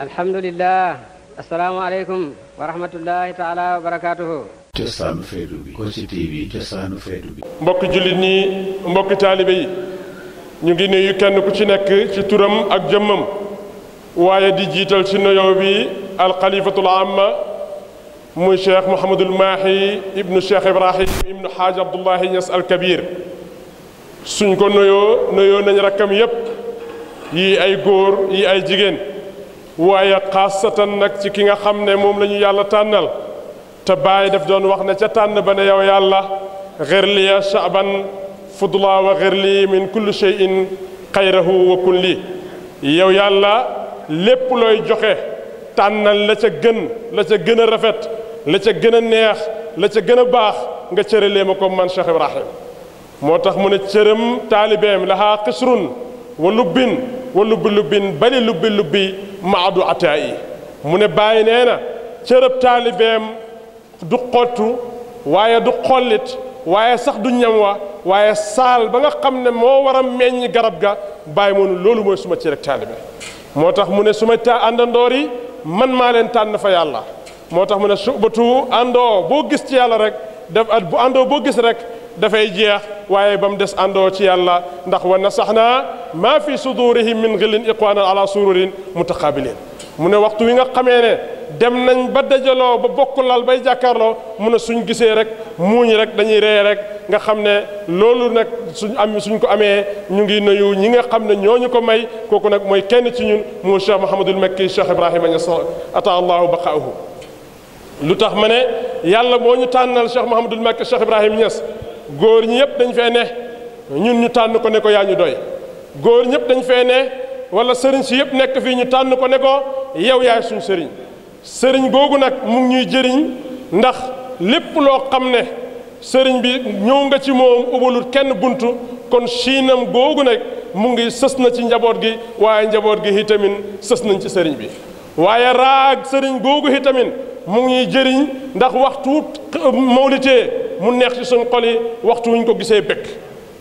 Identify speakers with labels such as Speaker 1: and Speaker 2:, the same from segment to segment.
Speaker 1: الحمد لله السلام عليكم ورحمة الله تعالى وبركاته جسان فيدو بي تي بي جسان فيدو بي مبوك جلدني مبوك تالبي نيجي نيو نك تورم اك جمم وايا دي جيتال سي العامة مو شيخ محمد الماحي ابن الشيخ ابراهيم ابن حاج عبد الله نيس الكبير سنكون نيو نيو نيو نيو نيو نيو نيو نيو نيو نيو waaye xaasatan nag ci ki nga xam ne moom la ñu yàlla tànnal te bàyyi daf doon wax ne ca tànn ba ne yow yàlla li ya shaaban fudla wa li min kulli cheyin xayrahu wa kulli yow yàlla lépp looy joxe tànnal la ca gën la ca gën a rafet la ca gën a neex la ca gën a baax nga cëralee ma ko man Cheikh Ibrahim moo tax mu ne cëram taalibeem lahaa xisrun ولب ولب لب بل لب لب مع دعائي من باي نينا ترب طالبهم du xottu waaye du xollit waaye sax du ñam wa waaye saal ba nga xam ne moo war a meññ garab ga bàyyi moonu loolu mooy suma ci rek taalibe moo mu ne suma ta àndandoor man maa leen tànn fa yàlla moo mu ne subatu àndoo boo gis ci yàlla rek daf at bu àndoo boo gis rek dafay jeex waaye ba mu des ci yàlla ndax wa nasax maa fi sudurihim min xillin iqwanan ala sururin mutaqabilin mu ne waxtu wi nga xamee ne dem nañ ba dajaloo ba bokk lal bay jàkkaarloo mu ne suñ gisee rek muuñ rek dañuy reye rek nga xam ne loolu nag suñ am suñ ko amee ñu ngi nuyu ñi nga xam ne ñooñu ko may kooku nag mooy kenn ci ñun mu cheikh mahamadul makki cheikh ibrahima ñas ata allahu baqaahu lu tax ma ne yàlla boo ñu tànnal cheikh mahamadul makki cheikh ibrahima ñas góor ñi yëpp dañ fee ne ñun ñu tànn ko ne ko yaa ñu doy góor ñëpp dañ fee ne wala sëriñ si yëpp nekk fii ñu tànn ko ne ko yow yaay suñ sëriñ sëriñ googu nag mu ngi ñuy jëriñ ndax lépp loo xam ne sëriñ bi ñëw nga ci moom ubalut kenn buntu kon chiinam googu nag mu ngi sës na ci njaboot gi waaye njaboot gi itamit sës nañ ci sëriñ bi waaye raag sëriñ googu itamit mu ngi jëriñ ndax waxtu mawlitee mu neex ci suñ xol waxtu wuñ ko gisee bëgg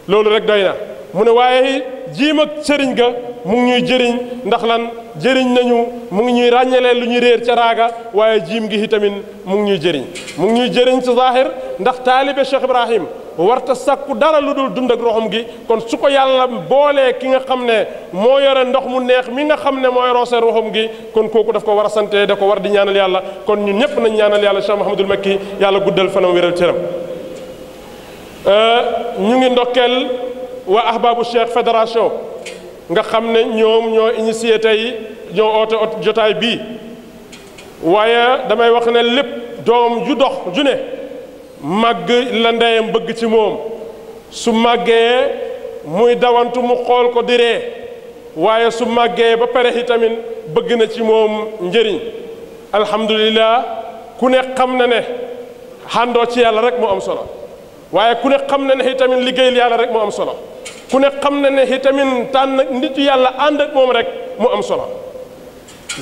Speaker 1: loolu rek doy na mu ne waaye jiim ak sëriñ ga mu ngi ñuy jëriñ ndax lan jëriñ nañu mu ngi ñuy ràññalee lu ñuy réer ca raaga waaye jiim gi itamit mu ngi ñuy jëriñ mu ngi ñuy jëriñ ci zaahir ndax taalibe Cheikh Ibrahim warta sakku dara lu dul dund ak roxam gi kon su ko yàlla boolee ki nga xam ne moo yore ndox mu neex mii nga xam ne mooy roose roxam gi kon kooku daf ko war a sante da ko war di ñaanal yàlla kon ñun ñëpp nañ ñaanal yàlla Cheikh Mahamadul Makki yàlla guddal fanam wéral cëram euh, ñu ngi ndokkeel waa ahbaabu cheikh fédération nga xam ne ñoom ñoo initié tey ñoo oote jotaay bii waaye damay wax ne lépp doom ju dox ju ne màgg la ndeyam bëgg ci moom su màggee muy dawantu mu xool ko di ree waaye su màggee ba pare tamit bëgg na ci moom njëriñ alhamdulillah ku nekk xam na ne xàndoo ci yàlla rek moo am solo waye ku ne xam na ne itamit liggéeyal yàlla rek mo am solo ku ne xam na ne itamit tan nit yàlla ànd ak mom rek mo am solo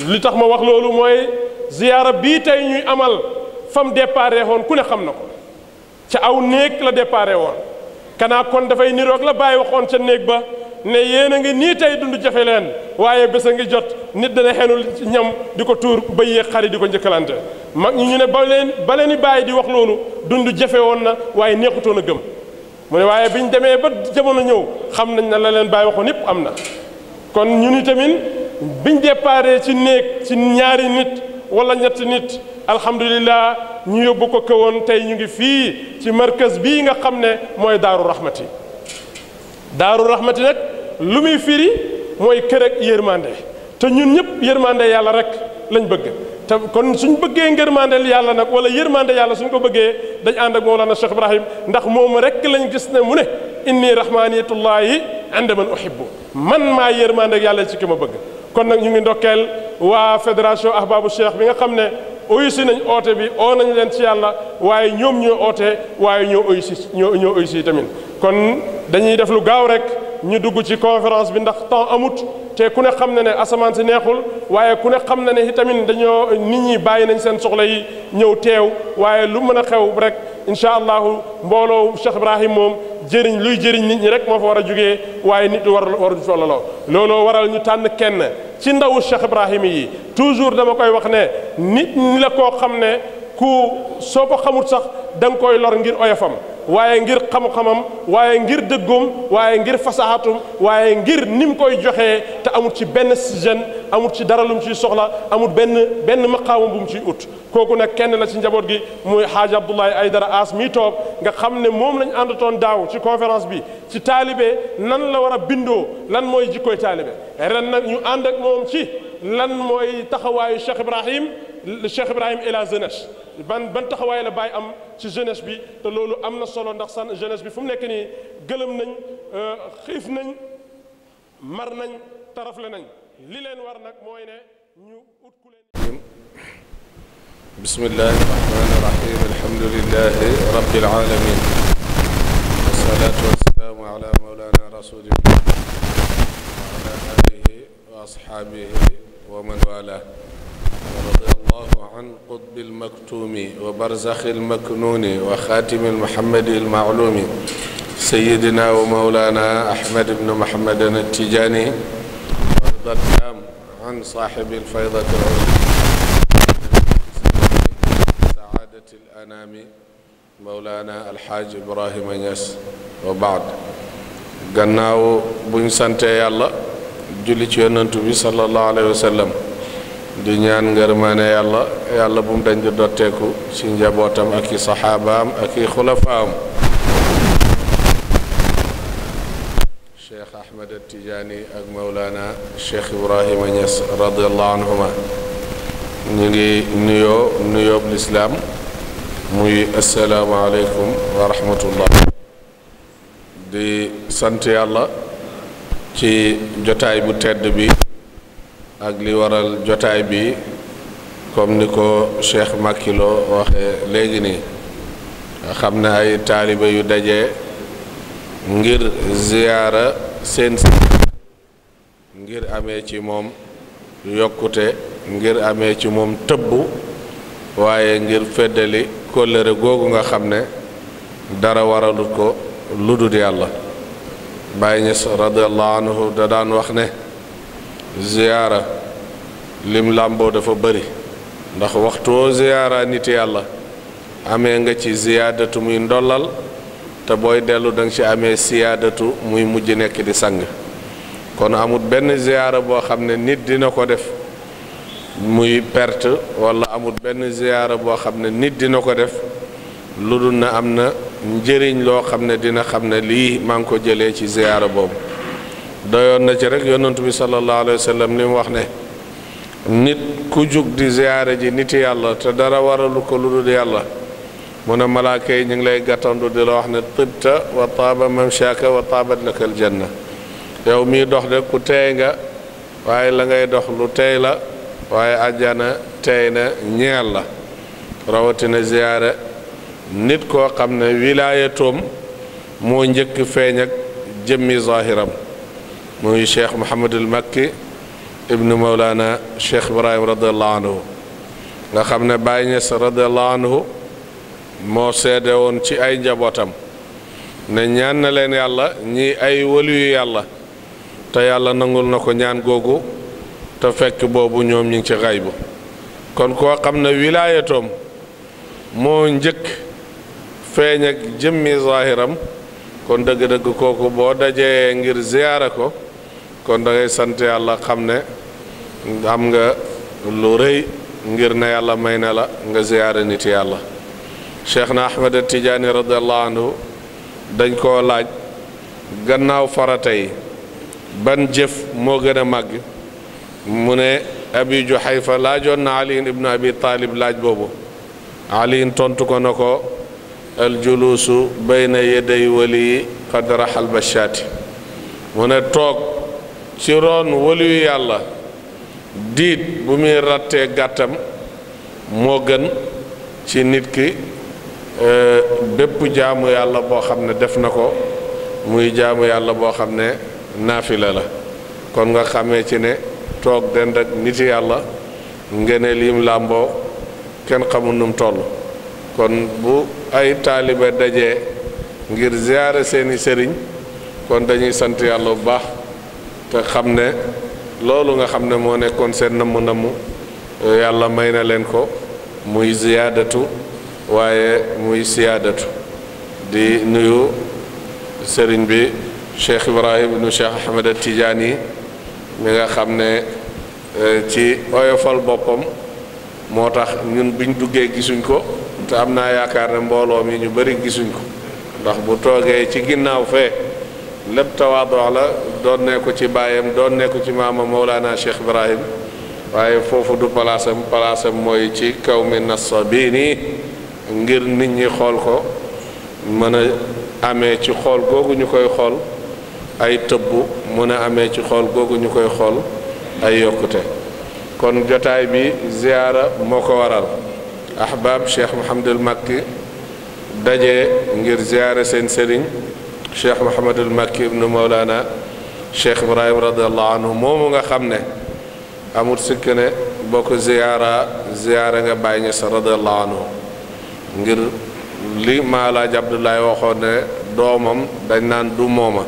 Speaker 1: li tax ma wax lolu moy ziyara bi tay ñuy amal fam déparé hon ku ne xam nako ci aw neek la déparé won kana kon da fay niro ak la bàyyi waxon ci neek ba ne yéen a ngi nii tey dund jafe leen waaye bés a ngi jot nit dana xenul ñam di ko tuur ba yéeg xari di ko njëkkalante mag ñu ne ba leen ba leen bàyyi di wax loolu dund jafe woon na waaye neexutoon a gëm mu ne waaye biñ demee ba jamono ñëw xam nañ na la leen bàyyi waxoon yépp am na kon ñu ni tamit biñ déparé ci néeg ci ñaari nit wala ñetti nit alhamdulilah ñu yóbbu ko kawoon tey ñu ngi fii ci markaz bii nga xam ne mooy daaru rahmati daaru raxmati nag lu muy firi mooy kër ak te ñun ñëpp yërmande yàlla rek lañ bëgg te kon suñ bëggee ngërmandeel yàlla nag wala yërmande yàlla suñ ko bëggee dañ ànd ak Mawlana Cheikh Ibrahim ndax moom rek lañ gis ne mu ne inni rahmaniyatullahi ànd man uhibbu man maa yërmande ak yàlla si ki ma bëgg kon nag ñu ngi ndokkeel waa fédération ahbabu cheikh bi nga xam ne oyusi nañ oote bi oo nañ leen ci yàlla waaye ñoom ñoo oote waaye ñoo oyusi ñoo ñoo oyusi tamit kon dañuy def lu gaaw rek ñu dugg ci conférence bi ndax temps amut te ku ne xam ne ne asamaan si neexul waaye ku ne xam ne ne itamit dañoo nit ñi bàyyi nañ seen soxla yi ñëw teew waaye lu mën a xew rek incha allahu mbooloo Cheikh Ibrahim moom jëriñ luy jëriñ nit ñi rek moo fa war a jógee waaye nit war waru sololoo looloo waral ñu tànn kenn ci ndawu Cheikh Ibrahima yi toujours dama koy wax ne nit ñi la koo xam ne ku soo ko xamul sax da koy lor ngir oyofam waye ngir xam-xamam waye ngir deggum waye ngir fasahatum waye ngir nim koy joxe te amul ci ben jeune amul ci dara lu mu soxla amul ben ben maqam bu mu ci ut koku nak kenn la ci njabot gi moy haji abdullah Aydara As mi toog nga xamne mom lañ àndatoon daw ci conférence bi ci talibé nan la wara bindo lan moy jikko talibé ren nak ñu ànd ak mom ci lan moy taxaway Cheikh Ibrahim Cheikh Ibrahim ila Zenesh ban ban taxaway la bay am ci jeunesse bi te lolu amna solo ndax san jeunesse bi fum nek ni nii gëlëm nañ xif nañ mar nañ taraf tarafle nañ li len war
Speaker 2: nak moy ne ñu ut ku len bismillahi rahmani rahim alhamdulillahi rabbil alamin wassalatu wassalamu ala mawlana rasulillah wa ala alihi wa ashabihi wa man wala رضي الله عن قطب المكتوم وبرزخ المكنون وخاتم المحمد المعلوم سيدنا ومولانا أحمد بن محمد التجاني وارضى التام عن صاحب الفيضة العليا سعادة الأنام مولانا الحاج إبراهيم نياس وبعد قناه بن sante الله جلت ci صلى الله عليه وسلم di ñaan ngërmaane yàlla yàlla bu mu dañ di dotteeku ci njabootam ak i saxaabaam ak i xulafaam cheikh ahmed tijaani ak mawlana cheikh ibrahima ñas radiallahu anhuma ñu ngi nuyoo nuyoob lislaam muy assalaamu aleykum wa di sant yàlla ci jotaay bu tedd bi ak li waral jotaay bi comme ni ko cheikh makkilo waxee léegi ni xam ne ay taaliba yu dajee ngir ziyaara seen si ngir amee ci moom yokkute ngir amee ci moom tëbb waaye ngir feddali kóllëre googu nga xam ne dara waralut ko ludut yàlla bàyyi ñis radiallahu anhu da daan wax ne ziyaara lim làmboo dafa bari ndax waxtuwoo ziyaara nit yàlla amee nga ci ziyaadatu muy ndollal te booy dellu danga ci amee siyaadatu muy mujj nekk di sang kon amut benn ziyaara boo xam ne nit dina ko def muy perte walla amut benn ziyaara boo xam ne nit dina ko def lu dul na am na njëriñ loo xam ne dina xam ne lii maa ngi ko jëlee ci ziyaara boobu doyoon na ci rek yonantu bi salallahu alayhi wa sallam ni mu wax ne nit ku jug di ziyaare ji niti yàlla te dara waralu ko lu dul yàlla mu ne malaaka yi ñu ngi lay gàttandu di la wax ne tibta wa taaba mam chaaka wa taabat la kal janna yow mii dox de ku tey nga waaye la ngay dox lu tey la waaye ajjana tey na ñeel la rawatina ziyaare nit koo xam ne wilaayatoom moo njëkk feeñ ak jëmmi zahiram muy cheikh Mouhamadul Makki ibnu Mawlana cheikh Ibrahim radiallahu nga xam ne Baye Niass radiallahu moo seede woon ci ay njabootam ne ñaan na leen yàlla ñii ay waliyu yàlla te yàlla nangul na ko ñaan googu te fekk boobu ñoom ñu ngi ci xaybu kon koo xam ne wilaayatoom moo njëkk feeñ ak jëmmi zaahiram kon dëgg-dëgg kooku boo dajee ngir ziyaara ko kon da ngay sant yàlla xam ne am nga lu rëy ngir ne yàlla may ne la nga ziyaare nit yàlla cheikh na ahmed tijaani radiallahu anhu dañ koo laaj gannaaw farata ban jëf moo gën a màgg mu ne abi juhayfa laajoon na aliin ibnu abi taalib laaj boobu aliin tontu ko na ko aljuluusu bayna yaday waliyi qad raxal bashaati mu toog ci roon waliyu yàlla diit bu muy rattee gàttam moo gën ci nit ki euh, bépp jaamu yàlla boo xam ne def na ko muy jaamu yàlla boo xam ne naafile la kon nga xamee ci ne toog dend ak nit yàlla ngene lim làmboo kenn xamul num toll kon bu ay taalibe dajee ngir ziyaare seeni sëriñ kon dañuy sant yàlla bu baax te xam ne loolu nga xam ne moo nekkoon seen namm namm yàlla may na leen ko muy ziyaadatu waaye muy siyaadatu di nuyu sëriñ bi cheikh ibrahim ibnu cheikh ahmed al tidiane yi mi nga xam ne e, ci oyofal boppam moo tax ñun biñ duggee gisuñ ko te am naa yaakaar ne mbooloo mi ñu bari gisuñ ko ndax bu toogee ci ginnaaw fee lépp tawaadoo la doon ne ci baayam doon nekku ci maamam Mawlana Cheikh Ibrahim waaye foofu du palaasam palaasam mooy ci kaw mi nasa bii nii ngir nit ñi xool ko mën a ame ci xool googu ñu koy xool ay tëbb mën a amee ci xool googu ñu koy xool ay yokkute kon jotaay bi ziyaara moo ko waral ahbab Cheikh Mouhamadul Makki daje ngir ziyaara seen sëriñ cheikh Mouhamadul Makki ibnu Mawlana cheikh Ibrahim radiallahu anhu moomu nga xam ne amul sikk ne boo ko ziyaara ziyaara nga bàyyi ñes radiallahu anhu ngir li Maalaaj Abdoulaye waxoon ne doomam dañ naan du mooma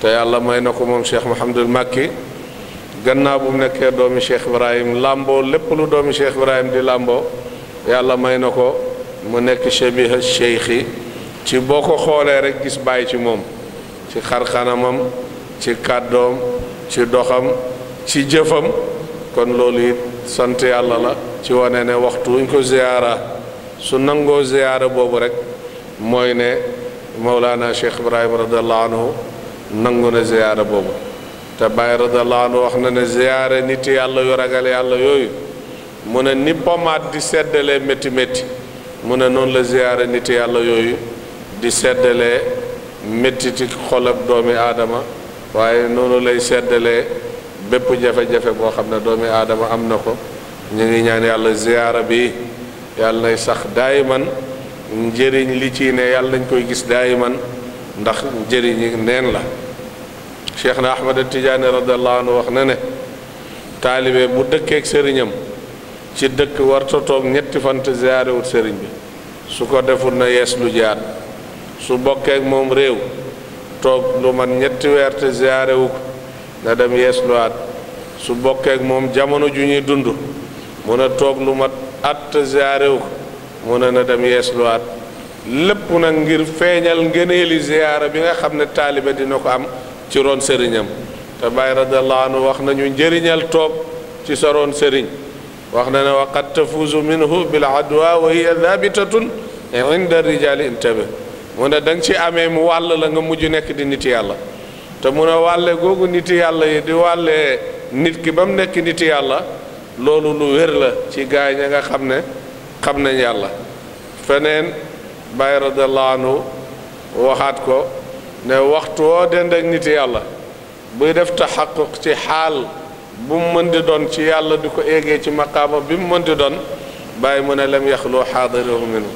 Speaker 2: te yàlla may na ko moom cheikh Mouhamadul Makki gannaaw bu mu nekkee doomi cheikh Ibrahim làmboo lépp lu doomi cheikh Ibrahim di làmboo yàlla may na ko mu nekk chebiha cheikhi ci boo ko xoolee rek gis bàyyi ci moom ci xarxanamam ci kàddoom ci doxam ci jëfam kon loolu it sant yàlla la ci wane ne waxtu wuñ ko ziyaara su nangoo ziyaara boobu rek mooy ne Mawlana Cheikh Ibrahima radiallahu anhu nangu na ziyaara boobu te Baye radiallahu anhu wax na ne ziyaara nit yàlla yu ragal yàlla yooyu mu ne ni pomaat di seddale métti métti mu ne noonu la ziyaara nit yàlla yooyu di seddale méttiti xolab doomi aadama waaye noonu lay seddale bépp jafe-jafe boo xam ne doomi aadama am na ko ñu ngi ñaan yàlla ziyaara bi yàlla nay sax daayiman njëriñ li ci ne yàlla nañ koy gis daayiman ndax njëriñ yi neen la cheikh na ahmad tijaani radiallahu anhu wax na ne taalibe bu dëkkeek sëriñam ci dëkk warta ñetti fant ziyaarewut sëriñ bi su ko deful na yees lu jaat su ak mom rew tok lu man ñetti weer te ziare wu ko na dem yeesluwaat su ak mom jamono ju ñi dund mu ne toog lu mat at te ziare wu mu na dem yeesluwaat lépp na ngir feñal ngëneeli ziaré bi nga xamne talibé dina ko am ci ron sëriñam ta bay radallahu anhu wax nañu jeriñal tok ci sa sëriñ wax na ne wa qad tafuusu minhu bil adwa wa hiya dhabitatun inda rijaali intabe mu ne da ci amee mu wàll la nga mujj nekk di nit yàlla te mu ne wàlle googu nit yàlla yi di wàlle nit ki ba mu nekk nit yàlla loolu lu wér la ci gaay ña nga xam ne xam nañ yàlla feneen Baay radiyallahu waxaat ko ne waxtu woo dend ak nit yàlla buy def taxaquq ci xaal bu mu mën di doon ci yàlla du ko éegee ci maqaama bi mu mën di doon bàyyi mu ne lam yaxloo xaadiroo minhu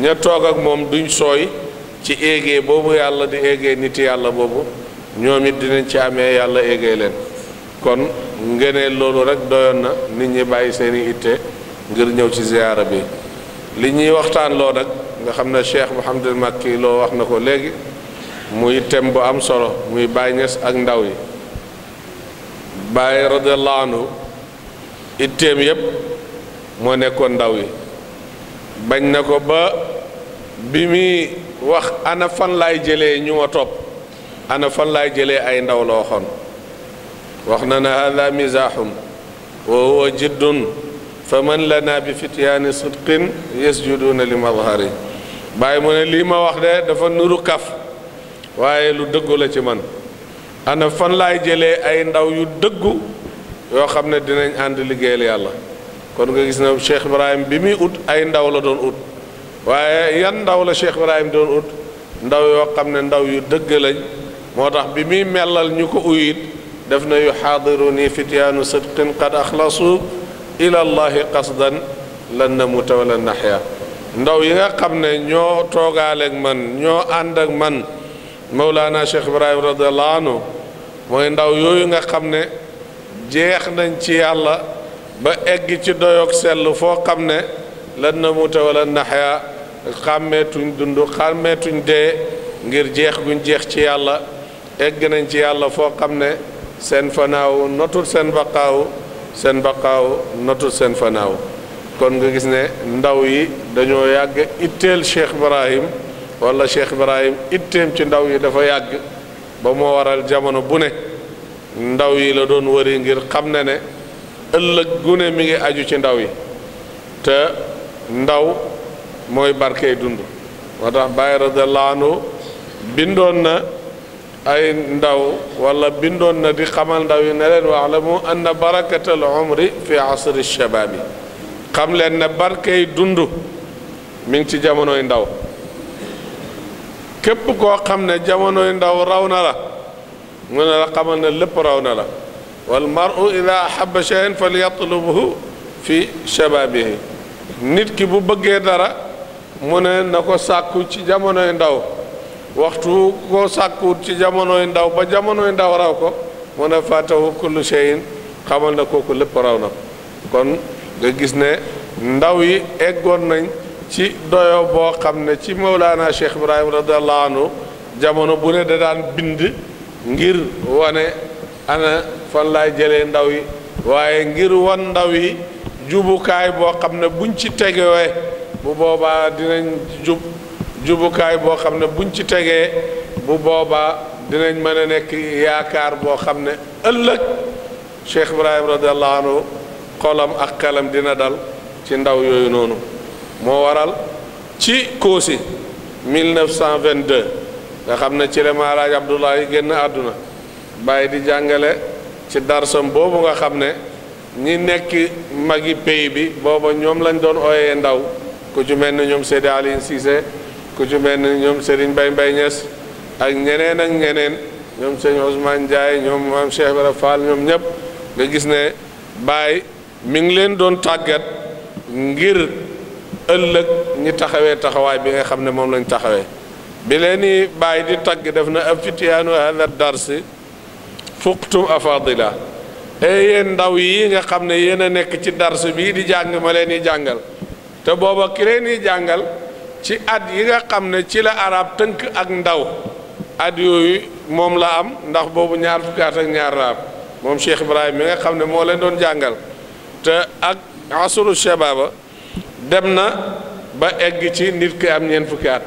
Speaker 2: ña toog ak moom duñ sooy ci éegee boobu yàlla di éegee nit yàlla boobu ñoom it dinañ ci amee yàlla éegee leen kon ngëneel loolu rek doyan na nit ñi bàyyi seeni itte ngir ñëw ci ziyaara bi li ñuy waxtaanloo loo nag nga xam ne Cheikh Mouhamadul Makki loo wax na ko léegi muy thème bu am solo muy Baay Ñas ak ndaw yi Baay radiyallahu anhu yépp moo nekkoon ndaw yi bañ na ko ba bi muy wax ana fan lay jele ñu wa top ana fan lay jele ay ndaw lo xon wax na hadha mizahum wa huwa jiddun faman lana bi fityan sidqin yasjuduuna li madhari bay mo ne li ma wax de dafa nuru kaf waye lu dëggu la ci man ana fan lay jele ay ndaw yu dëggu yo xamne dinañ ànd liggéeyal yàlla kon nga gis na cheikh ibrahim bi mi ut ay ndaw la doon ut waaye yan ndaw la Cheikh Ibrahim doon ut ndaw yoo xam ne ndaw yu dëgg lañ moo tax bi muy melal ñu ko uyit def na yu xaadiruni fityaanu sidqin qad axlasu ila allahi qasdan lan namuta la naxya ndaw yi nga xam ne ñoo toogaaleeg man ñoo ànd ak man Mawlaana Cheikh Ibrahim radiallahu mooy ndaw yooyu nga xam ne jeex nañ ci yàlla ba egg ci doyoog sell foo xam ne lan namuta wala naxya xàmmeetuñ dund xàmmeetuñ dee ngir jeex guñ jeex ci yàlla egg nañ ci yàlla foo xam ne seen fanaaw notul seen baqaaw seen baqaaw notul seen fanaaw kon nga gis ne ndaw yi dañoo yàgg itteel Cheikh Ibrahim wala Cheikh Ibrahim itteem ci ndaw yi dafa yàgg ba moo waral jamono bu ne ndaw yi la doon wëri ngir xam ne ne ëllëg gune mi ngi aju ci ndaw yi te ndaw mooy barke dundu moo tax bàyyi bindona anhu bindoon na ay ndaw wala bindoon di xamal ndaw yi ne leen waalamu anna barakatal umri fi asri shababi xam leen ne barke dundu mi ngi ci jamonoy ndaw képp koo xam ne jamonoy ndaw raw na la mu la xamal ne lépp raw la wal maru ida ahaba cheyan falyatlubhu fi shababihi nit ki bu bëggee dara mu ne na ko sàkku ci jamonoy ndaw waxtu ko sàkku ci jamonoy ndaw ba jamonoy ndaw raw ko mu ne fatahu kullu shay'in xamal na kooku lépp raw na kon nga gis ne ndaw yi eggoon nañ ci doyo boo xam ne ci Mawlaana Cheikh Ibrahim radiallahu anhu jamono bu ne da daan bind ngir wane ana fan laay jëlee ndaw yi waaye ngir wan ndaw yi jubukaay boo xam ne buñ ci tegewee bu boobaa dinañ jub jubukaay boo xam ne buñ ci tegee bu boobaa dinañ mën a nekk yaakaar boo xam ne ëllëg Cheikh Ibrahim radiallahu anhu xolam ak xelam dina dal ci ndaw yooyu noonu moo waral ci Koosi 1922 nga xam ne ci la Maalaaj Abdoulaye génn àdduna bàyyi di jàngale ci darsam boobu nga xam ne ñi nekk magi pays bi booba ñoom lañ doon ooyee ndaw ku ci mel ñoom Seydi Aliou sise ku ci mel ñoom Serigne Mbaye Mbaye Niass ak ñeneen ak ñeneen ñoom sëñ Ousmane Ndiaye ñoom maam Cheikh Ibrahima Fall ñoom ñëpp nga gis ne Baye mu ngi leen doon tàggat ngir ëllëg ñi taxawee taxawaay bi nga xam ne moom lañ taxawee bi leeni Baye di tagg def na ab fitiyaanu hada darsi fuqtum afadila e yéen ndaw yi nga xam ne yéen a nekk ci dars bii di jàng ma leen di jàngal te booba kilee leen jàngal ci at yi nga xam ne ci la arab tënk ak ndaw at yooyu moom la am ndax boobu ñaar fukki at ak ñaar la am moom Cheikh Ibrahima mi nga xam ne moo leen doon jàngal te ak asuru shababa dem na ba egg ci nit ki am ñeent fukki at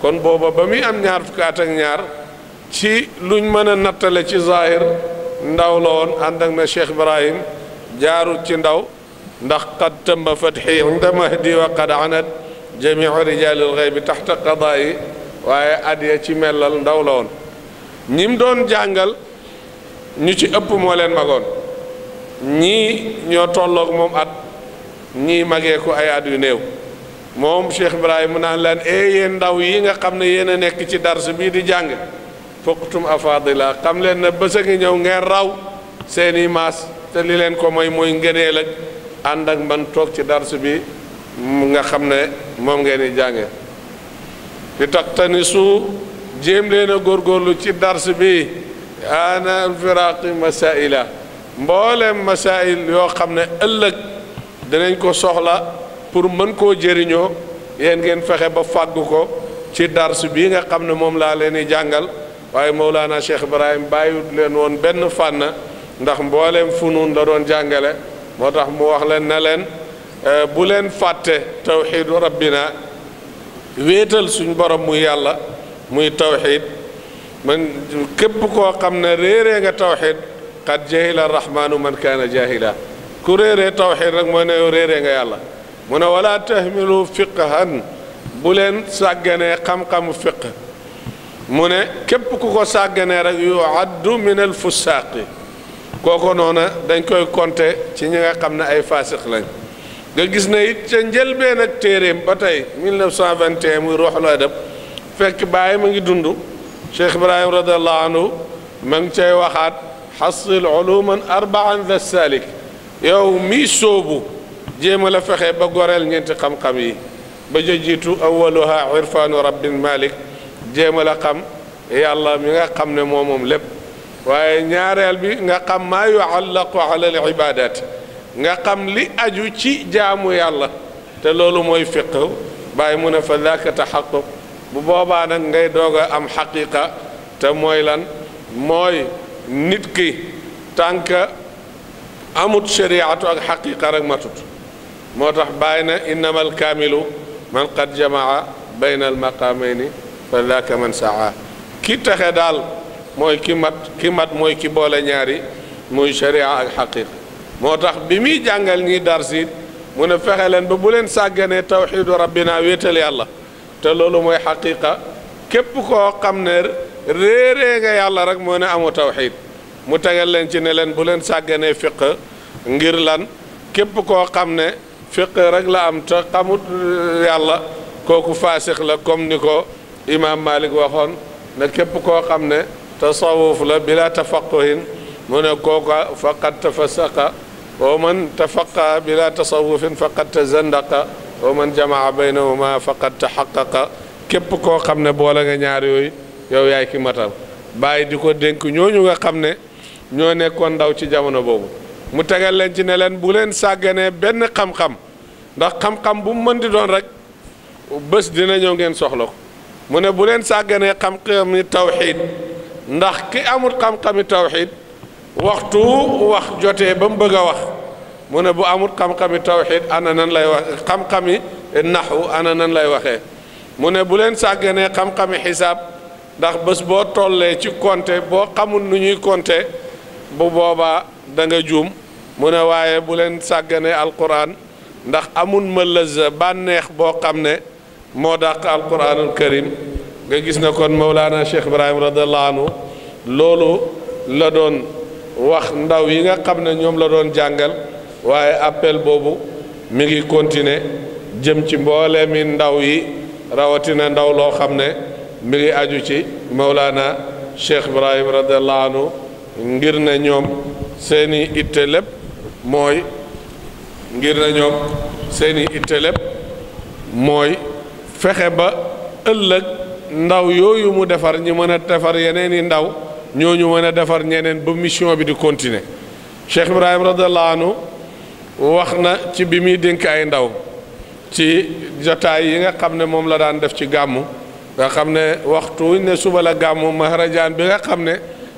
Speaker 2: kon booba ba muy am ñaar fukki at ak ñaar ci luñ mën a nattale ci zahir ndaw la woon ànd ak na Cheikh Ibrahim jaarut ci ndaw ndax qad tamba fathi inda mahdi wa qad anat jamiu rijalil ghaybi taxta qadaayi waaye adiya ci mellal ndaw la woon ñim doon jàngal ñu ci ëpp moo leen magoon ñii ñoo tolloog moom at ñii magee ko ay at yu néew moom Cheikh Ibrahima mu naan leen ee eh, ndaw yi nga xam ne yéen nekk ci dars bii di jàng fuqtum afadila xam leen na bés a ngi ñëw ngeen raw seeni maas te li leen ko moy mooy ngëneel ak ànd ak man toog ci darsu bi nga xam ne moom ngeen jànge li tax tani su jéem leen a góorlu ci dars bi ana alfiraqi masaila mboolem masail yoo xam ne ëllëg dinañ ko soxla pour mën koo jëriñoo yéen ngeen fexe ba fàggu ko ci dars bii nga xam ne moom laa leen di jàngal waaye laa Mawlaana Cheikh Ibrahim bàyyiwut leen woon benn fànn ndax mboolem funuun la doon jàngale moo tax mu wax leen ne leen bu leen fàtte tawxidu rabbina wéetal suñ borom muy yàlla muy tawxid man képp koo xam ne réeree nga tawxid qad jahila rahmanu man kaana jahila ku réeree tawxid rek mooy ne yow réeree nga yàlla mu ne wala tahmilu fiqhan bu leen sàgganee xam-xamu fiq mu ne képp ku ko sàgganee rek yu addu min al fusaaqi koko nona dañ koy konté ci ñi nga xam ay fasikh lañ nga gis ne it ci ca bé nak téeréem ba tay 1921 muy roh la dab fekk baye ma ngi dundu cheikh ibrahim radhiyallahu anhu ma ngi cey waxat hasil uluman arbaan dha salik yow mi sobu jema la fexe ba gorel ñent xam xam-xam yi ba jojitu awwalaha awaluha rabbil malik jema la xam yàlla mi nga xamne ne moo lépp waye ñaarel bi nga xam maa yuallaqu ala al ibadat nga xam li aju ci jaamu yàlla te lolu moy fiq bàyyi muna ne fa daaka taxaquq bu boba nak ngay doga am haqiqa te moy lan moy nit ki tànk amut shariatu ak haqiqa rek matut motax tax bàyyi na innama alkaamilu man qad jamaa bayna al-maqamayn fa daaka man saa ki taxé dal mooy ki mat ki mat mooy ki boole ñaari muy sharia ak xaqiqa moo tax bi muy jàngal ñi darsi mu ne fexe leen ba bu leen sàgganee tawxidu rabbina wéetal yàlla te loolu mooy xaqiqa képp koo xam ne réeree nga yàlla rek moo ne amu tawxid mu tegal leen ci ne leen bu leen sàgganee fiq ngir lan képp koo xam ne fiq rek la am te xamut yàlla kooku faasix la comme ni ko imaam Malik waxoon ne képp koo xam ne tasawuf la bila tafaquhin mu ne kooka faqad tafasaqa wa man tafaqa bila tasawufin faqad tazandaqa wa man jamaa baynahuma faqad taxaqaqa képp koo xam ne boole nga ñaar yooyu yow yaay ki matal bàyyi di ko dénk ñooñu nga xam ne ñoo nekkoon ndaw ci jamono boobu mu tegal leen ci ne leen bu leen sàgganee benn xam-xam ndax xam-xam bu mu mën di doon rek bës dina ñëw ngeen soxla mu ne bu leen sàgganee xam-xam yi tawxiid ndax ki amul xam-xami tawhid waxtu wax joté bam mu bëgg wax mu ne bu amul xam-xami tawhid ana nan lay wax xam-xami nahwu ana nan lay waxé mu ne bu len sagene xam xam-xami hisab ndax bés bo tollé ci konté bo xamul nu ñuy konté bu boba da nga joom mu ne bu len sagene alquran ndax amul malaz banex bo xamné modak alquranul karim nga gis na kon Mawlana Cheikh Ibrahim radiyallahu anhu loolu la doon wax ndaw yi nga xam ne ñoom la doon jàngal waaye appel boobu mi ngi continuer jëm ci mboole mi ndaw yi rawatina ndaw loo xam ne mi ngi aju ci Mawlana Cheikh Ibrahim radiyallahu anhu ngir ne ñoom seeni itte lépp mooy ngir ne ñoom seeni itte lépp mooy fexe ba ëllëg ndaw yooyu mu defar ñu mën a defar yeneen i ndaw ñooñu mën a defar ñeneen ba mission bi di continuer Cheikh Ibrahim radiyallahu anhu wax na ci bi muy dénk ay ndaw ci jotaay yi nga xam ne moom la daan def ci gàmmu nga xam ne waxtu ne suba la gàmmu maharajaan bi nga xam ne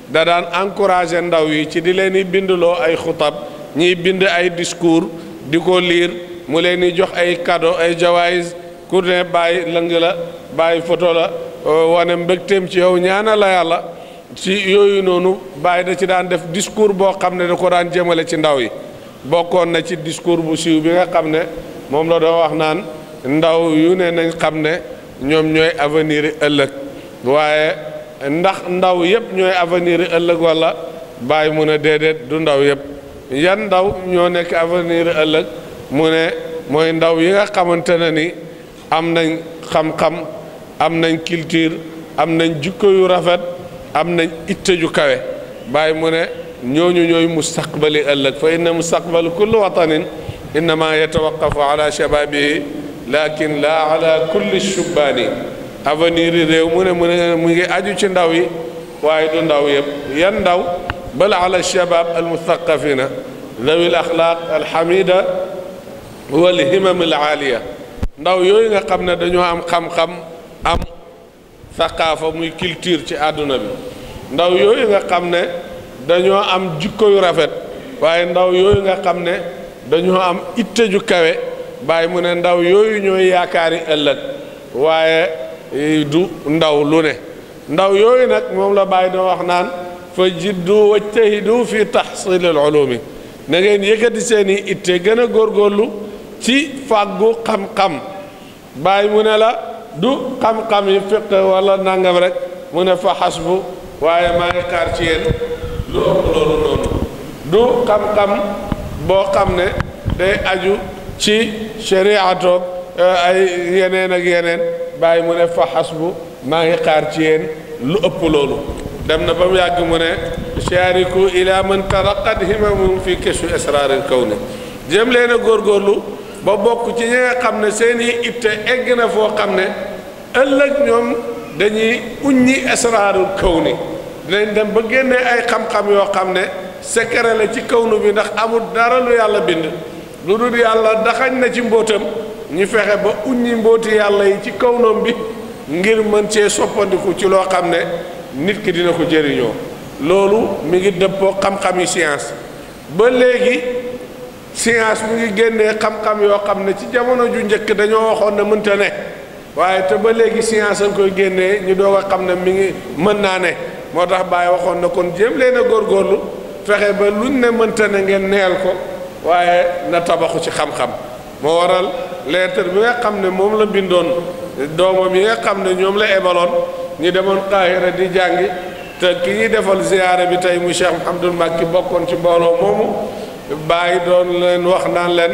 Speaker 2: da daan encourager ndaw yi ci di leen di bindloo ay xutab ñiy bind ay discours di ko liir mu leen di jox ay cadeau ay jawaayis ku ne bàyyi lëng la bàyyi photo la euh, wane mbégteem ci yow ñaana la yàlla ci yooyu noonu bàyyi da ci daan def discours boo xam ne da ko daan jëmale ci ndaw yi bokkoon na ci discours bu siiw bi nga xam ne moom la doo wax naan ndaw yu ne nañ xam ne ñoom ñooy avenir yi ëllëg waaye ndax ndaw yëpp ñooy avenir yi ëllëg wala bàyyi mu ne déedéet du ndaw yëpp yan ndaw ñoo nekk avenir yi ëllëg mu ne mooy ndaw yi nga xamante ne ni am nañ xam-xam am nañ culture am nañ jikko yu rafet am nañ itte ju kawe bàyyi mu ne ñoñu ñoy mustaqbali ëllëg fa inna mustaqbal kulli watanin innama yatawaqafu ala shababihi lakin la ala kulli shubani avenir rew réew mu ne mu ne mu ngi aju ci ndaw yi waaye du ndaw yeb yan ndaw bal ala shabab al mustaqafina ذوي الاخلاق الحميده والهمم العاليه ndaw yooyu nga xam ne dañoo am xam-xam am saqaafa muy culture ci àdduna bi ndaw yooyu nga xam ne dañoo am jikko yu rafet waaye ndaw yooyu nga xam ne dañoo am it ju kawe bàyyi mu ne ndaw yooyu ñooy yaakaari ëllëg waaye e, du ndaw lu ne ndaw yooyu nag moom la bàyyi doo wax naan fa jiddu wajtahidu fi tahsilil ulumi na ngeen yëkkati seeni itte gën a góorgóorlu ci fàggu xam-xam bàyyi mu ne la du xam-xam yi fiq wala nangam rek mu ne fa xasbu waaye maa ngi xaar ci yéen lu ëpp loolu noonu du xam-xam boo xam ne day aju ci sharia toog eh, ay yeneen ak yeneen bàyyi mu ne fa xasbu maa ngi xaar ci yéen lu ëpp loolu dem na ba mu yàgg mu ne shaariku ila man taraqat himamum fi kesu esraaril kaw ne jëm leen a góorgóorlu ba bokk ci ñi xam ne seeni itte egg na foo xam ne ëllëg ñoom dañuy uññi asraarul kaw ni dinañ dem ba génnee ay xam-xam yoo xam ne secret la ci kawnu bi ndax amul dara lu yàlla bind lu dul yàlla daxañ na ci mbóotam ñu fexe ba uññi mbóoti yàlla yi ci kawnoom bi ngir mën cee soppandiku ci loo xam ne nit ki dina ko jëriñoo loolu mu ngi dëppoo xam-xami science ba léegi science mu ngi génnee xam-xam yoo xam ne ci jamono ju njëkk dañoo waxoon ne mënta ne waaye te ba léegi science lañ koy génnee ñu doog a xam ne mi ngi mën naa ne moo tax Baye waxoon na kon jéem leen a góorgóorlu fexe ba luñ ne mënta ne ngeen neel ko waaye na tabaxu ci xam-xam moo waral lettre bi nga xam ne moom la bindoon doomam yi nga xam ne ñoom la ebaloon ñu demoon Qahira di jàngi te ki ñuy defal ziyaara bi tey mu Cheikh Mouhamadul Makki bokkoon ci mbooloo moomu bàyyi doon leen wax naan leen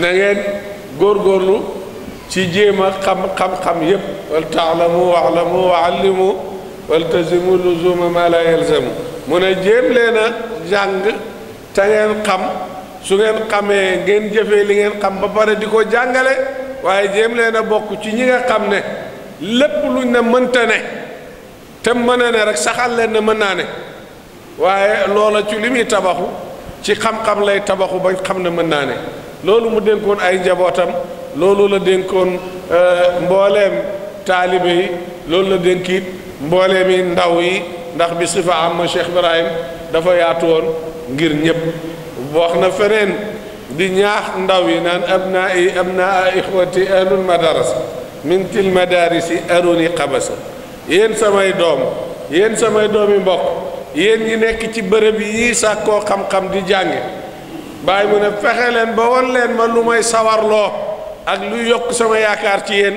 Speaker 2: na góor góorgóorlu ci jéem a xam xam-xam yépp wal taalamu waalamu wa luzuma ma la yalzamu mu ne jéem leen a jàng te xam su ngeen xamee ngeen jëfee li ngeen xam ba pare di ko jàngale waaye jéem leen a bokk ci ñi nga xam ne lépp luñ ne mënta ne te mën a ne rek saxal leen ne mën naa ne waaye loola ci li tabaxu ci xam-xam lay tabaxu ba xam ne mën naa ne loolu mu dénkoon ay njabootam loolu la dénkoon euh, mbooleem taalibe yi loolu la dénkiit mbooleem yi ndaw yi ndax bi sifa am Cheikh Ibrahim dafa yaatu woon ngir ñëpp wax na feneen di ñaax ndaw yi naan abnaa i abnaa ixwati ahlul madarasa min yi madarisi aruni xabasa yéen samay doom yéen samay doomi mbokk yéen ñi nekk ci bërëb yii sàkkoo xam-xam di jànge bàyyi mu ne fexe leen ba won leen ma lu may sawarloo ak luy yokk sama yaakaar ci yéen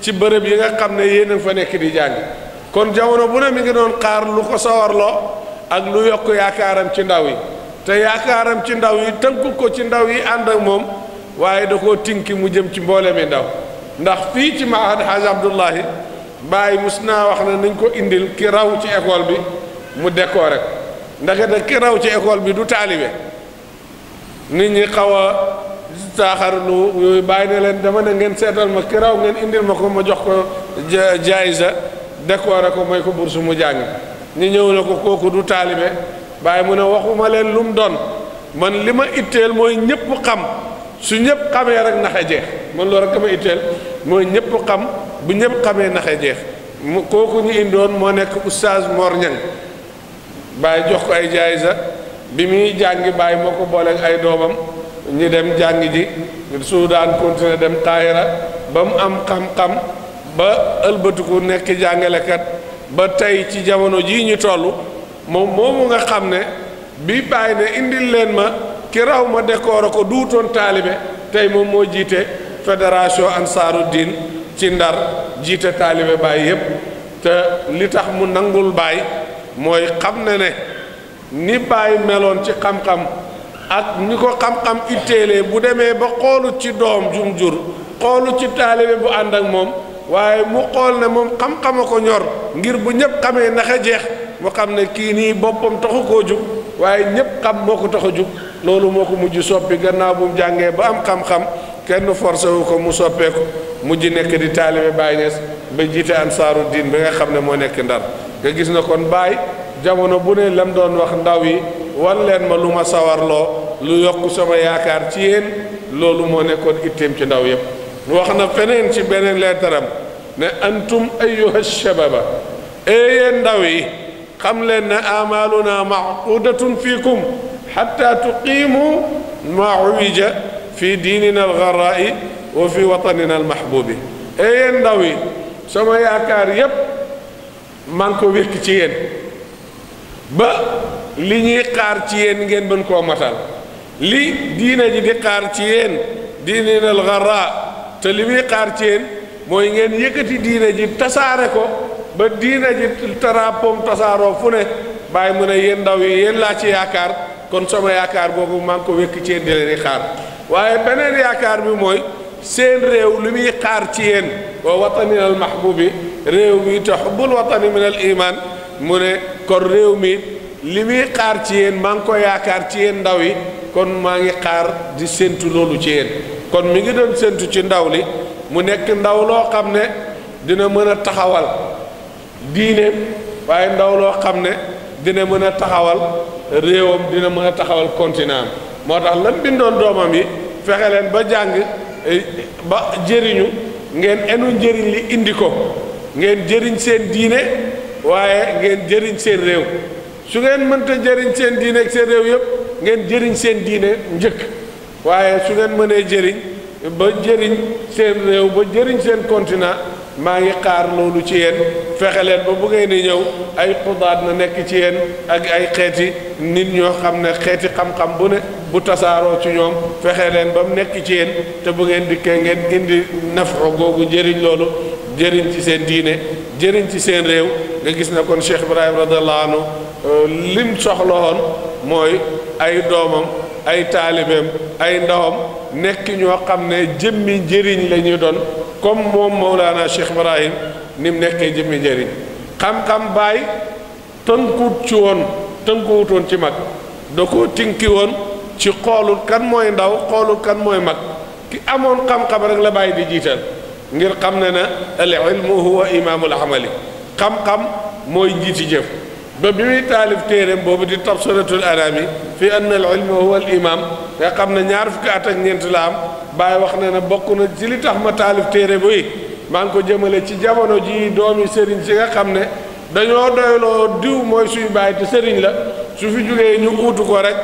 Speaker 2: ci bërëb yi nga xam ne yéen fa nekk di jànge kon jamono bu ne mi ngi doon xaar lu ko sawarloo ak lu yokk yaakaaram ci ndaw yi te yaakaaram ci ndaw yi tënku ko ci ndaw yi ànd ak moom waaye da koo tinki mu jëm ci mboole mi ndaw ndax fii ci mahad haj abdullahi bàyyi mus naa wax ne nañ ko indil ki raw ci école bi mu décoré rek ndaxte ki raw ci école bi du taalibe nit ñi xaw a saaxarlu yooyu bàyyi ne leen dama ne ngeen seetal ma ki raw ngeen indil ma ko ma jox ko jaayisa décoré ko mooy ko bourse mu jàng ñi ñëw na ko kooku du taalibe bàyyi mu ne waxuma leen lu mu doon man li ma itteel mooy ñëpp xam su ñëpp xamee rek naxe jeex man loolu rek ka ma itteel mooy ñëpp xam bu ñëpp xamee naxe jeex mu kooku ñu indoon moo nekk oustaz Mor Niang bàyyi jox ko ay jaayisa bi muy jàngi bàyyi moo ko booleeg ay doomam ñu dem jàngi ji suudaan continué dem taayira ba mu am xam-xam ba ëlbatiku nekk jàngalekat ba tey ci jamono jii ñu toll moom moomu nga xam ne bi bàyyi ne indil leen ma ki raw ma décoore ko duutoon taalibe tey moom moo jiite fédération ansaaru din ci ndar jiite taalibe bàyyi yëpp te li tax mu nangul bàyyi mooy xam na ne ni bàyyi meloon ci xam-xam ak ni ko xam-xam itteelee bu demee ba xoolu ci doom jum jur xoolu ci taalibe bu ànd ak moom waaye mu xool ne moom xam-xama ko ñor ngir bu ñëpp xamee naxa jeex mu xam ne kii nii boppam taxu koo jug waaye ñëpp xam moo ko tax a jug loolu moo ko mujj soppi gannaaw bu mu jàngee ba am xam-xam kenn forcé wu ko mu soppeeku mujj nekk di taalibe Baay Ñas ba jiite ansaaru diin bi nga xam ne moo nekk ndar te gis na kon baay jamono bu ne lam doon wax ndaw yi wan leen ma lu ma sawarloo lu yokk sama yaakaar ci yéen loolu moo nekkoon itteem ci ndaw yépp wax na feneen ci beneen leetaram ne antum ayuha shababa eeyeen ndaw yi xam leen ne amaluna maqudatun fiikum xatta tuqimu ma uwija fi diinina algarai wa fi watanina almahbubi eeyeen ndaw yi sama yaakaar yépp maa ngi ko wékk ci yéen ba li ñuy xaar ci yéen ngeen mën koo matal li diina ji di xaar ci yéen di al xara te li muy xaar ci yéen mooy ngeen yëkkati diina ji tasaare ko ba diina ji tarapom tasaaroo fu ne bàyyi mu ne yéen ndaw yi yéen laa ci yaakaar kon sama yaakaar boobu maa ngi ko wékk ci yéen di di xaar waaye beneen yaakaar bi mooy seen réew li muy xaar ci yéen wa watanin al mahbubi réew mi te xubbul watani min al iman mu ne kon réew mi li muy xaar ci yéen maa ngi ko yaakaar ci yéen ndaw yi kon maa ngi xaar di séentu loolu ci yéen kon mu ngi doon séentu ci ndaw li mu nekk ndaw loo xam ne dina mën a taxawal diineem waaye ndaw loo xam ne dina mën a taxawal réewam dina mën a taxawal continent moo tax lam doomam yi fexe leen ba jàng Eh, ba jëriñu ngeen enu njëriñ li indi ko ngeen jëriñ seen diine waaye ngeen jëriñ seen réew su ngeen mënta jëriñ seen diine ak seen réew yëpp ngeen jëriñ seen diine njëkk waaye su ngeen mënee jëriñ ba jëriñ seen réew ba jëriñ seen continent maa ngi xaar loolu ci yéen fexe leen ba bu ngeen di ñëw ay xudaat na nekk ci yenn ak ay xeeti nit ñoo xam ne xeeti xam-xam bu ne bu tasaaroo ci ñoom fexe leen ba mu nekk ci yéen te bu ngeen dikkee ngeen indi nafo googu njëriñ loolu jëriñ ci seen diine jëriñ ci seen réew nga gis na kon Cheikh Ibrahim radiyallahu anhu euh, lim soxla woon mooy ay doomam ay taalibeem ay ndawam nekk ñoo xam ne jëmmi njëriñ la ñu doon comme moom Mawlana Cheikh Ibrahim ni mu nekkee jëmmi njëriñ xam-xam baay tënkuwut ci woon tënkuwutoon ci mag da koo tinki woon ci xoolul kan mooy ndaw xoolul kan mooy mag ki amoon xam-xam rek la bàyyi di jiital ngir xam ne na al ilmu huwa imaamul amali xam-xam mooy jiiti jëf بمي تالف تيرم بوب دي تبصرة الأنام في أن العلم هو الإمام يقمنا نعرف كأتا نينت لام باي وخنا نبقنا جلي تحمى تالف تيرم وي مانكو كو جمالة چي جمانو جي دومي سرين سيغا قمنا دانيو دايلو ديو موي سوي باي تسرين لا سوفي جولي نيو قوتو كورك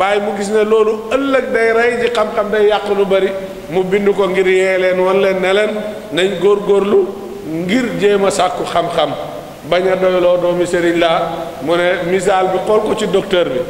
Speaker 2: باي مو كيسنا لولو ألق داي راي جي قم قم داي يقلو بري مو بندو كو نجري يلين ولين نلين نين غور غورلو نجير جيما ساكو خم خم bañ a doyloo doomi sëriñ laa mu ne misaal bi xool ko ci docteur bi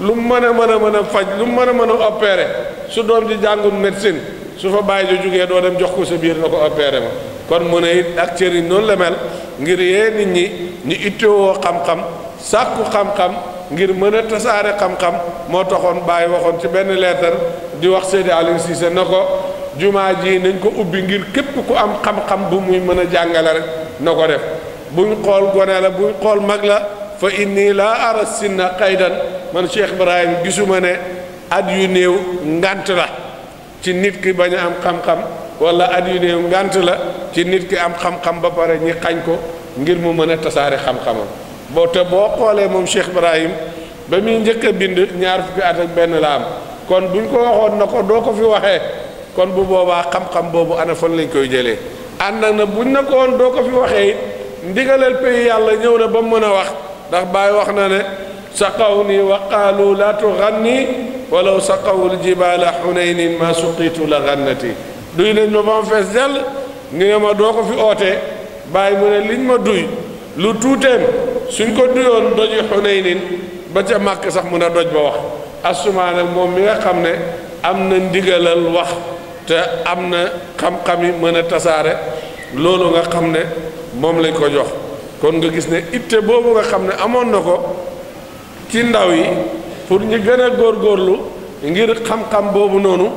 Speaker 2: lu mën a mën a mën a faj lu mën a mën a opéré su doom ji jàngul médecine su fa bàyyi ju jugee doo dem jox ko sa biir na ko opéré ma kon mu ne it ak sëriñ noonu la mel ngir yee nit ñi ñu itteewoo xam-xam sàkku xam-xam ngir mën a tasaare xam-xam moo taxoon bàyyi waxoon ci benn leetar di wax Seydi Aliou Cissé na ko jumaa ji nañ ko ubbi ngir képp ku am xam-xam bu muy mën a jàngale rek na ko def buñ xool gone la buñ xool mag la fa inni la ara sinna qaydan man cheikh ibrahim gisuma ne at yu néew ngant la ci nit ki bañ am xam-xam wala at yu néew ngant la ci nit ki am xam-xam ba pare ñi xañ ko ngir mu mën a tasaare xam-xamam te boo xoolee moom cheikh ibrahim ba muy njëkk a bind ñaar fukki at ak benn la am kon buñ ko waxoon na ko doo ko fi waxee kon bu boobaa xam-xam boobu ana fan lañ koy jëlee ànd na buñ na ko woon doo ko fi waxee it ndigalal pays yàlla ñëw na ba mu mën a wax ndax Baay wax na ne saqaw nii wa qaalu la tuganni walaw saqawul jibaala xunaynin ma suqiitu la gannati duy nañ ma ba mu fees dell nga ma doo ko fi ootee Baay mu ne liñ ma duy lu tuuteem suñ ko duyoon doji xunaynin ba ca màkk sax mun a doj ba wax asumaane moom mi nga xam ne am na ndigalal wax te am na xam-xami mën a tasaare loolu nga xam ne moom lañ ko jox kon nga gis ne itte boobu nga xam ne amoon na ko ci ndaw yi pour ñu gën góor góorgóorlu ngir xam-xam boobu noonu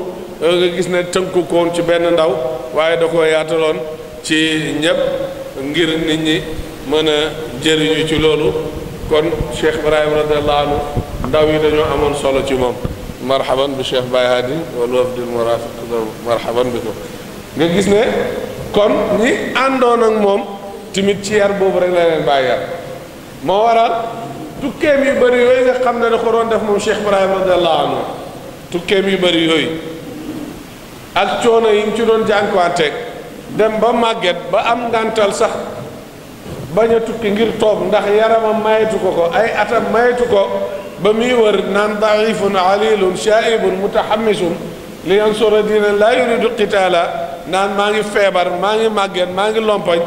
Speaker 2: euh, nga gis ne tënku koon ci benn ndaw waaye da ko yaataloon ci ñëpp ngir nit ñi mën a jëriñu ci loolu kon Cheikh Ibrahima radiallahu anhu ndaw yi dañoo amoon solo ci moom marhaban bi Cheikh Baye Hadi wal wafdil murafiq marhaban bi ko nga gis ne kon ñi àndoon ak moom tamit ci yar boobu rek la leen bàyyi yar moo waral tukkeem yu bëri yooyu nga xam ne da ko doon def moom Cheikh Ibrahima radiallahu anhu tukkeem yu bëri yooyu ak coono yi ñu ci doon jànkuwanteeg dem ba màgget ba am ngàntal sax bañ a tukki ngir toog ndax yaramam mayetu ko ko ay atam mayetu ko ba muy wër naan daifun alilun shaibun mutahammisun li yansura diina laa yuridu qitaala naan maa ngi feebar maa ngi màgget maa ngi lompañ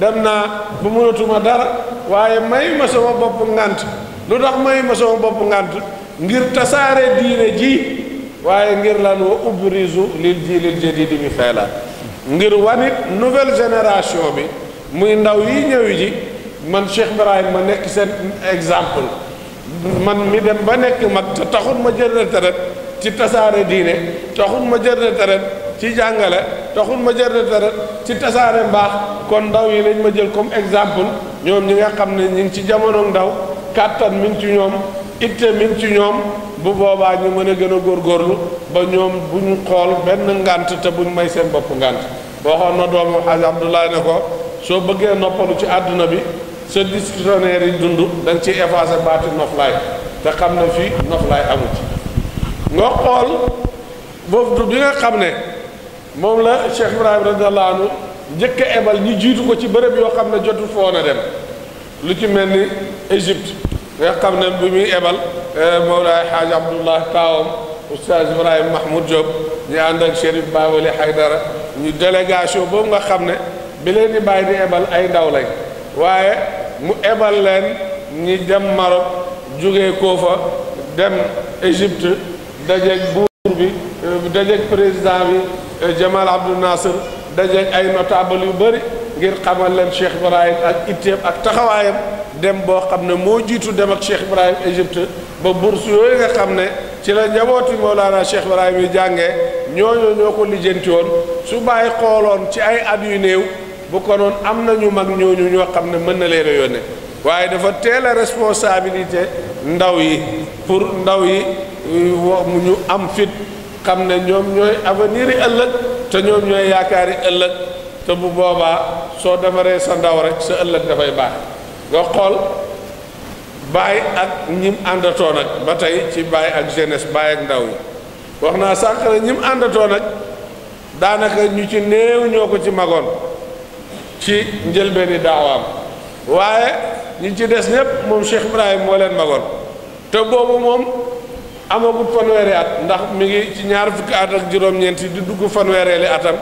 Speaker 2: dem naa ba mënatuma dara waaye mayu ma sama bopp ngant lu tax mayu ma sama bopp ngant ngir tasaare diine ji waaye ngir lan wa ubrisu lil jiilil jadidi bi xeelaat ngir wanit nouvelle génération bi muy ndaw yi ñëwi ji man Cheikh Ibrahima ma nekk seen exemple man mi dem ba nekk mag te taxul ma jël trait ci tasaare diine taxul ma jël retraite ci jàngale taxul ma jël dara ci tasaare mbaax kon ndaw yi lañ ma jël comme exemple ñoom ñi nga xam ne ñu ngi ci jamono ndaw kàttan mi ci ñoom itte min ngi ci ñoom bu boobaa ñu mën a gën a góor góorlu ba ñoom bu ñu xool benn ngant te buñ may seen bopp ngànt boo xoon na doomu xaaj Abdoulaye ne ko soo bëggee noppalu ci àdduna bi sa dictionnaire yi dund dañ ci ciy effacé baati noflaay te xam ne fii noflaay amu ci nga xool boobu du bi nga xam ne moom la Cheikh Ibrahim radiallahu anhu njëkk a ebal ñu jiitu ko ci bërëb yoo xam ne jotul foon a dem lu ci mel ni Égypte nga xam ne bi muy ebal eh, Mawlaay Xaaj Abdullah Taawam Oustaz Ibrahim Mahmoud Diop ñu ànd ak Chérif Baawali Haydara ñu délégation boobu nga xam ne bi leen di bàyyi di ebal ay ndaw lañ waaye mu ebal leen ñi dem Maroc jógee koo fa dem Égypte dajeeg buur bi eh, dajeeg président bi Euh, Jamal Abdou Nasser dajeeg ay notable yu bëri ngir xamal leen Cheikh Ibrahim ak itteem ak taxawaayam dem boo xam ne moo jiitu dem ak Cheikh Ibrahim Égypte ba bourse yooyu nga xam ne ci la njabooti Mawlaana Cheikh Ibrahim yi jàngee ñooñu ñoo ko lijjanti woon su bàyyi xooloon ci ay at yu néew bu ko noon am na ñu mag ñooñu ñoo xam ne mën na leen a waaye dafa teel a responsabilité ndaw yi pour ndaw yi euh, mu ñu am fit xam ne ñoom ñooy avenir yi ëllëg te ñoom ñooy yaakaari ëllëg te bu boobaa soo defaree sa ndaw rek sa ëllëg dafay baax nga xool bàyyi ak ñim àndatoo nag ba tey ci bàyyi ak jeunesse bàyyi ak ndaw yi wax naa sànq ne ñim àndatoo nag daanaka ñu ci newuñoo ko ci magoon ci njëlbeeni daawaam waaye ñi ci des ñépp moom Cheikh Ibrahim moo leen magoon te boobu moom amagut fanweeri at ndax mi ngi ci ñaar fukki at ak juróom-ñeenti di dugg fanweereeli atam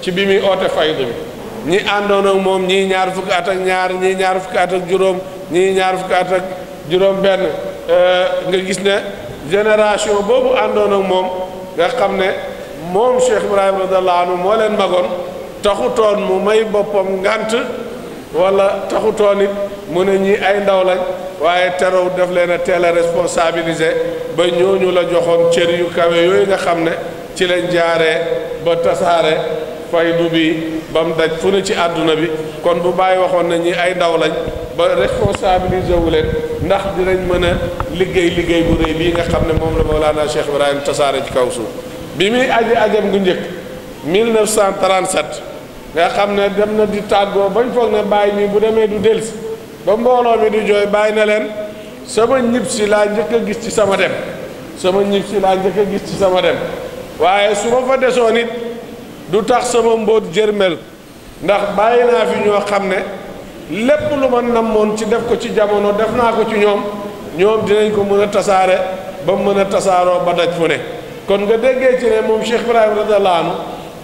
Speaker 2: ci bii muy oote faydu bi ñi àndoon moom ñii ñaar fukki at ak ñaar ñii ñaar fukki at ak juróom ñi ñaar fukki at ak juróom-benn euh, nga gis ne génération boobu àndoon ak moom nga xam ne moom Cheikh Ibrahima radiyallahu anhu moo leen magoon taxutoon mu may boppam ngant. wala taxutoon it mu ne ñii ay ndaw lañ waaye tero daf leen a teel a responsabilisé ba ñooñu la joxoon cër yu kawe yooyu nga xam ne ci lañ jaaree ba tasaare faydu bi ba mu daj fu ne ci àdduna bi kon bu bàyyi waxoon na ñi ay ndaw lañ ba responsabilisé wu leen ndax dinañ mën a liggéey liggéey bu rëy bii nga xam ne moom la moo Mawlana Cheikh Ibrahim tasaare ci kaw suuf bi muy aji ajam gu njëkk 1937 nga xam ne dem na di tàggoo ba bañ foog ne bàyyi mi bu demee du delsi ba mbooloo mi di jooy bàyyi na leen sama ñib si laa njëkk a gis ci sama dem sama ñib laa njëkk a gis ci sama dem waaye su ma fa desoon it du tax sama mbóot jërmel ndax bàyyi naa fi ñoo xam ne lépp lu ma nammoon ci def ko ci jamono def naa ko ci ñoom ñoom dinañ ko mën a tasaare ba mën a tasaaroo ba daj fu ne kon nga déggee ci ne moom Cheikh Ibrahima radiyallahu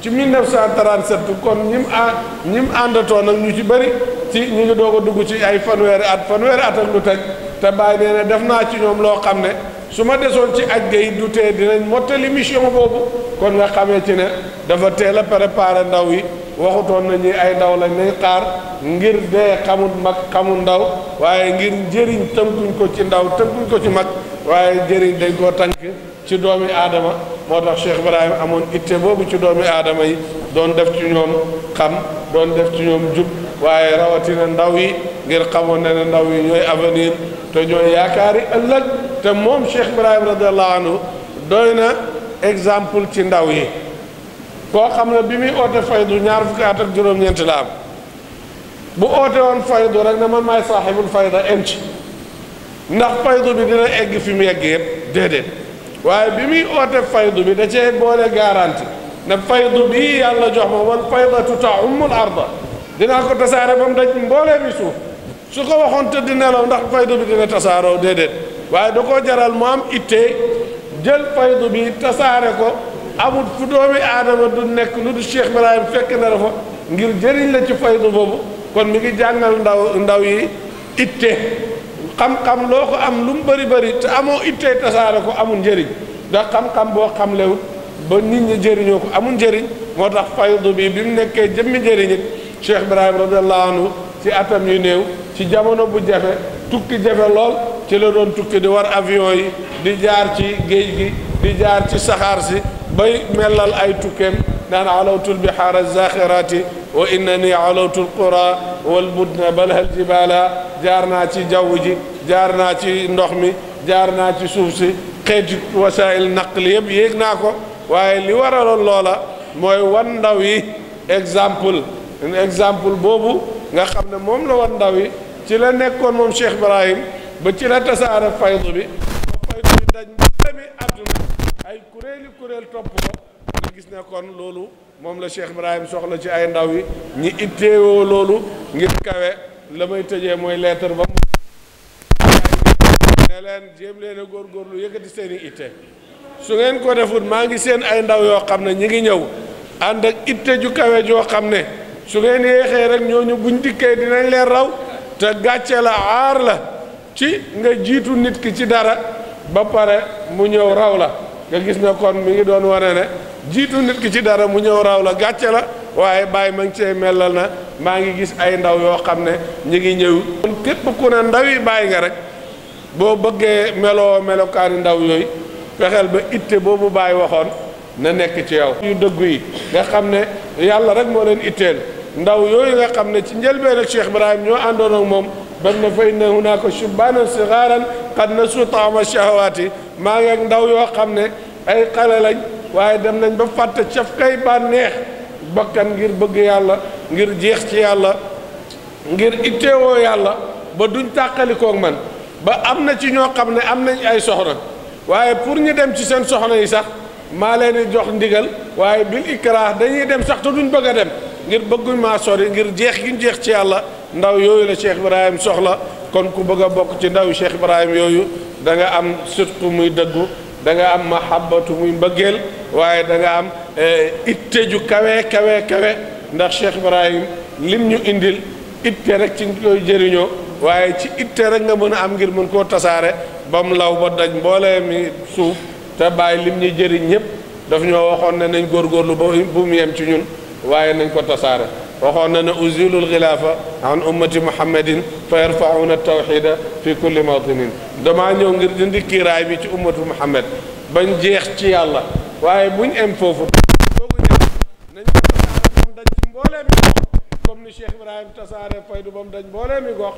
Speaker 2: ci 1937 kon ñi kon à ñi mu àndatoon nag ñu ci bëri ci ñu ngi doog ko dugg ci ay fanweeri at fanweeri at ak lu teg te bàyyi nee na def naa ci ñoom loo xam ne su ma desoon ci aj gay du tee dinañ mottali mission boobu kon nga xamee ci ne dafa teel a préparé ndaw yi waxutoon na ay ndaw lañ nañ xaar ngir dee xamul mag xamul ndaw waaye ngir njëriñ tënkuñ ko ci ndaw tënkuñ ko ci mag waaye njëriñ dañ koo tànk ci doomi aadama moo tax Cheikh Ibrahima amoon itte boobu ci doomi adama yi doon def ci ñoom xam doon def ci ñoom jub waaye rawatina ndaw yi ngir xamoon ne ndaw yi ñooy avenir te ñooy yaakaari ëllëg te moom Cheikh Ibrahima radiallahu anhu doy na exemple ci ndaw yi koo xam ne bi muy oote faydu ñaar fukki ak juróom-ñeent la am bu oote woon faydu rek ne man maay saaxibul fayda em ndax faydu bi dina egg fi mu yegg yëpp déedéet waaye bi muy oote faydu bi da cee boole garanti ne faydu bii yàlla jox ma wal faydatu ta'ummul arda dinaa ko tasaare ba mu daj mboolee bi suuf su ko waxoon tëdd nelaw ndax faydu bi dina tasaaroo déedéet waaye da koo jaral mu am ittee jël faydu bi tasaare ko amul fu doomi aadama du nekk nu du Cheikh Ibrahim fekk na dafa ngir jëriñ la ci faydu boobu kon mi ngi jàngal ndaw ndaw yi itte xam-xam loo ko am lu mu bëri bëri te amoo ittee tasaare ko amul njëriñ ndax xam boo xam lewut ba nit ñi jëriñoo ko amul njëriñ moo tax faydu bi bi mu nekkee jëmmi njëriñ it Cheikh Ibrahima radiallahu anhu ci atam yu néew ci jamono bu jafe tukki jafe lool ci la doon tukki di war avion yi di jaar ci géej gi di jaar ci saxaar si bay melal ay tukkeem naan alawtul bihaara zaxiraati وإنني علوت القرى والبدن بل الجبال jaar naa ci jaww ji jaar naa ci ndox mi jaar naa ci suuf si xeeti wasaayil naql yëpp yéeg naa ko waaye li waraloon loola mooy wan ndaw yi exemple exemple boobu nga xam ne moom la wan ndaw yi ci la nekkoon moom Cheikh Ibrahim ba ci la tasaare faydu bi ba faydu bi daj mbooleemi àdduna ay kuréeli kuréel topp ko nga gis ne kon loolu moom la Cheikh Ibrahim soxla ci ay ndaw yi ñi itteewoo loolu ngir kawe la may tëjee mooy lettre ba mu ne leen jéem leen a góorgóorlu yëkkati seen itte su ngeen ko defut maa ngi seen ay ndaw yoo xam ne ñi ngi ñëw ànd ak itte ju kawe joo xam ne su ngeen yéexee rek ñooñu buñ dikkee dinañ leen raw te gàcce la aar la ci nga jiitu nit ki ci dara ba pare mu ñëw raw la nga gis na kon mu ngi doon wane ne jiitu nit ki ci dara mu ñëw raw la gàcce la waaye bàyyi ma ngi cee melal na maa ngi gis ay ndaw yoo xam ne ñu ngi ñëw kon ku ne ndaw yi bàyyi nga rek boo bëggee meloo melokaani ndaw yooyu fexeel ba itte boobu bàyyi waxoon na nekk ci yow yu dëggu yi nga xam ne yàlla rek moo leen itteel ndaw yooyu nga xam ne ci njëlbeen ak Cheikh Ibrahim ñoo àndoon ak moom ba na fa inna hunaka shubaanan sigaaran qad nasu taama shahawaati maa ngi ndaw yoo xam ne ay lañ waaye dem nañ ba fàtte caf kay bànneex bakkan ngir bëgg yàlla ngir jeex ci yàlla ngir itteewoo yàlla ba duñ tàqalikoog man ba am na ci ñoo xam ne am nañ ay soxna waaye pour ñu dem ci seen soxna yi sax maa leen di jox ndigal waaye bil ikrah dañuy dem sax te duñ bëgg a dem ngir bëgguñ maa sori ngir jeex gi ñu jeex ci yàlla ndaw yooyu la Cheikh Ibrahim soxla kon ku bëgg a bokk ci ndaw Cheikh Ibrahim yooyu danga am surtout muy dëggu da nga am mahabbatu muy mbëggeel waaye da nga am eh, itte ju kawe kawe kawe ndax Cheikh Ibrahim lim ñu indil itte rek ci koy jëriñoo waaye ci itte rek nga mën a am ngir mën koo tasaare ba mu law ba daj mboolee mi suuf te bàyyi lim ñu jëriñ ñëpp daf ñoo waxoon ne nañ góorgóorlu ba bu mu yem ci ñun waaye nañ ko tasaare وقالنا نؤزيل الغلافة عن أمة محمد فيرفعون التوحيد في كل موطن دماء نيو نغير دندي كيراي بي أمة محمد بان جيخ تي الله واي بون ام فوفو كوم ني شيخ ابراهيم تصاري فايد بام داج مبولم غوخ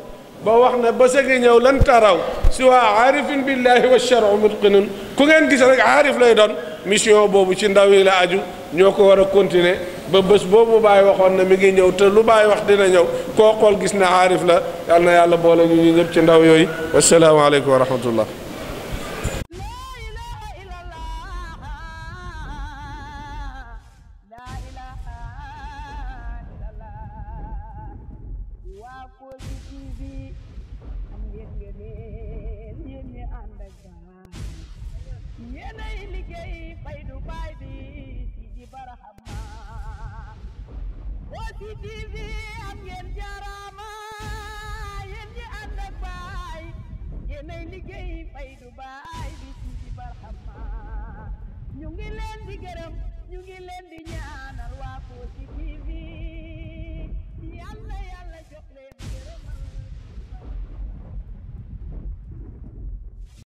Speaker 2: با واخنا با سيغي نيو لن تراو سوا عارف بالله والشرع متقن كوغن غيس رك عارف لاي دون ميسيون بوبو سي نداوي لا اديو نيوكو ورا ba bés boobu Baye waxoon na mi ngi ñëw te lu baay wax dina ñëw koo xool gis ne aarif la yal na yàlla boole ñu ñu ñëpp ci ndaw yooyu wasalaamaaleykum wa rahmatullah